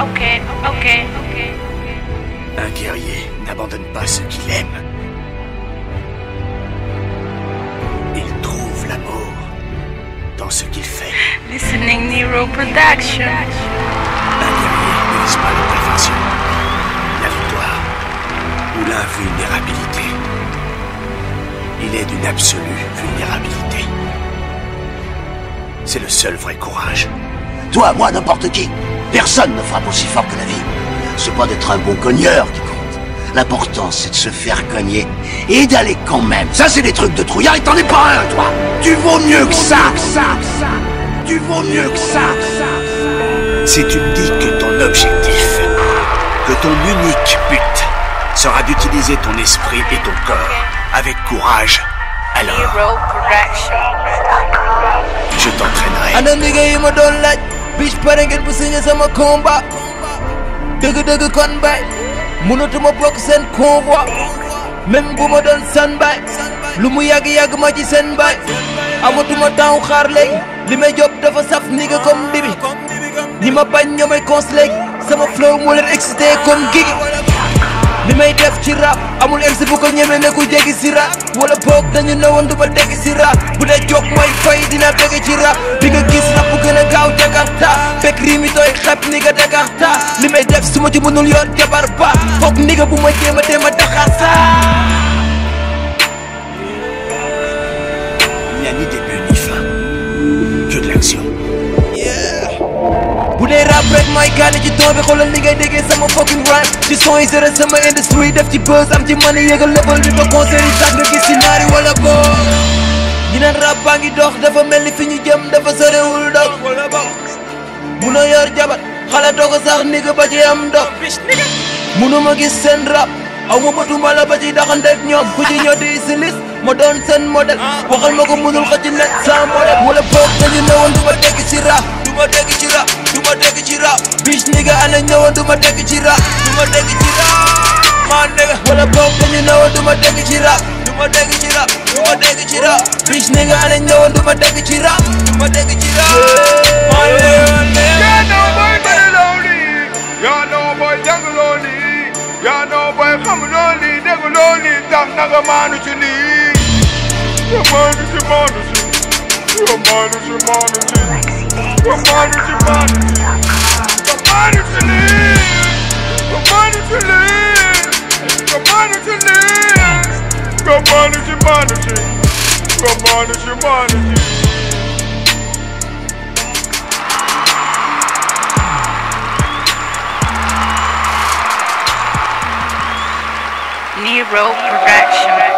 Ok, ok, ok. Un guerrier n'abandonne pas ce qu'il aime. Il trouve l'amour dans ce qu'il fait. Listening Nero Production. Un guerrier ne pas la perfection, la victoire ou l'invulnérabilité. Il est d'une absolue vulnérabilité. C'est le seul vrai courage. Toi, moi, n'importe qui. Personne ne frappe aussi fort que la vie. n'est pas d'être un bon cogneur qui compte. L'important, c'est de se faire cogner et d'aller quand même. Ça, c'est des trucs de trouillard et t'en es pas un, toi Tu vaux mieux que ça, ça, ça Tu vaux mieux que ça, ça Si tu me dis que ton objectif, que ton unique but sera d'utiliser ton esprit et ton corps avec courage, alors... Je t'entraînerai. Bitch parengen pusinya sama komba Dëgg dëgg kon bay mënatuma blok sen convoi même bu ma doon seen bay lu mu yàgg yàgg ma ci seen bay job dafa saf nigga kom bibi Nima ñi ma may cons sama flow mulet leen kom gigi Lime def ci rap amul MC bu ko ñeme ne ku si rap wala boog dan newoon du ma dégg si rap bu jok jóg fay dina dégg rap di gis rap bu gën lii mi tooy xep ni nga li may def su ma ci mënul yoon jabar ba foog bu ma jéem a a de l'action bu dee rap rek mooy gaane ci doom bi xoolal ngay déggee sama fucking rhyme ci son yi sama industrie def ci buzz am ci money yëgal level bi ba concert yi sax nga gis ci naari wala boog ñu baa ngi dox dafa mel ni fi ñu jëm dafa sorewul dox muna yor jabar xale too ko sax ni ba ci am ndox munuma gis seen rab aw ma batuma la ba ci daxanteeg ñoom ku di si lis ma doon seen modèle waxal ma ko munul xëcc net sans modèle wala boog dañu newoon ma tekki ci rab du ma ci rab du ma tekki ci rab bis ma tekki ci rab du ma tekki ci rab maa nekk wala boog dañu newoon du ma tekki ci rab du ma tekki ci rab du ci rab bis dagoloni ya no boy hamloni dagoloni tak naga manu chini ya manu chi manu chi ya manu chi manu chi ya manu chi manu chi ya manu chini ya manu chini ya manu chini ya manu chi manu chi ya manu chi manu chi neuroprotection.